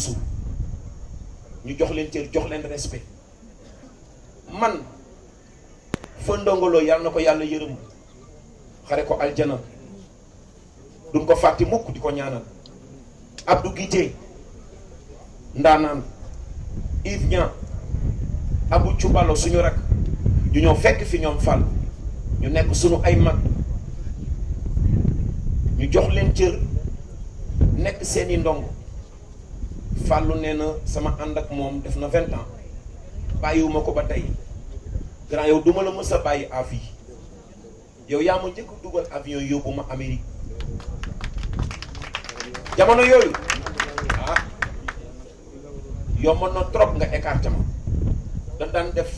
Mansour ñu jox leen cër jox leen respect man fa ndongoloo yàlla na ko yàlla yërëm xare ko aljana duñ ko fàtte mukk di ko ñaanal Abdou Guité ndaanaan Yves Niang abu Cubalo suñu rak ñu ñëw fekk fi ñoom fal ñu nekk suñu ay mag ñu jox leen cër nekk seeni ndongo fàllu nee na sama ànd ak moom def na vingt ans bàyyiwuma ko ba tey grand yow duma la mës bàyyi à vie yow yaa ma njëkk dugal avion yóbbu ma jamono yooyu ah na trop nga écarté ma dañ daan def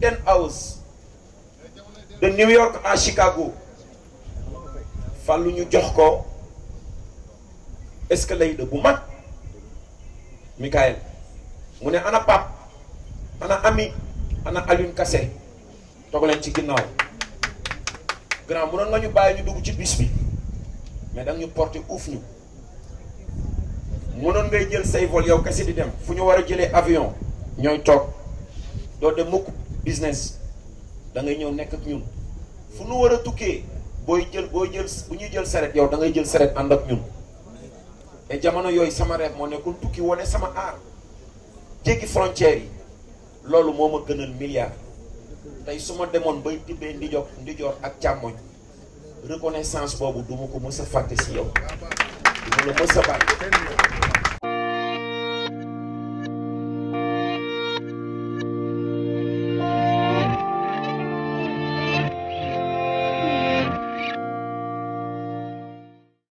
ten hours de New York à Chicago fàllu ñu jox ko escalier bu mag Mikaël mu ne ana pap ana ami ana Alioune Kassé toog leen ci ginnaaw grand mënoon nga ñu bàyyi ñu dugg ci bis bi mais danga ñu porté uuf ñu mënoon ngay jël say vol yow kese di dem fu ñu war a jëlee avion ñooy toog doo dem mukk business da ngay ñëw nekk ak ñun fu nu war a tukkee booy jël booy jël bu ñuy jël saret yow da ngay jël saret ànd ak ñun et jamono yooyu sama rêve moo nekkul tukki wane sama aar jéggi frontière yi loolu moo ma gënal milliard tey su ma demoon bay tibbee ndijoor ndijoor ak càmmoñ reconnaissance boobu du ma ko mës a fàtte si yow du ma la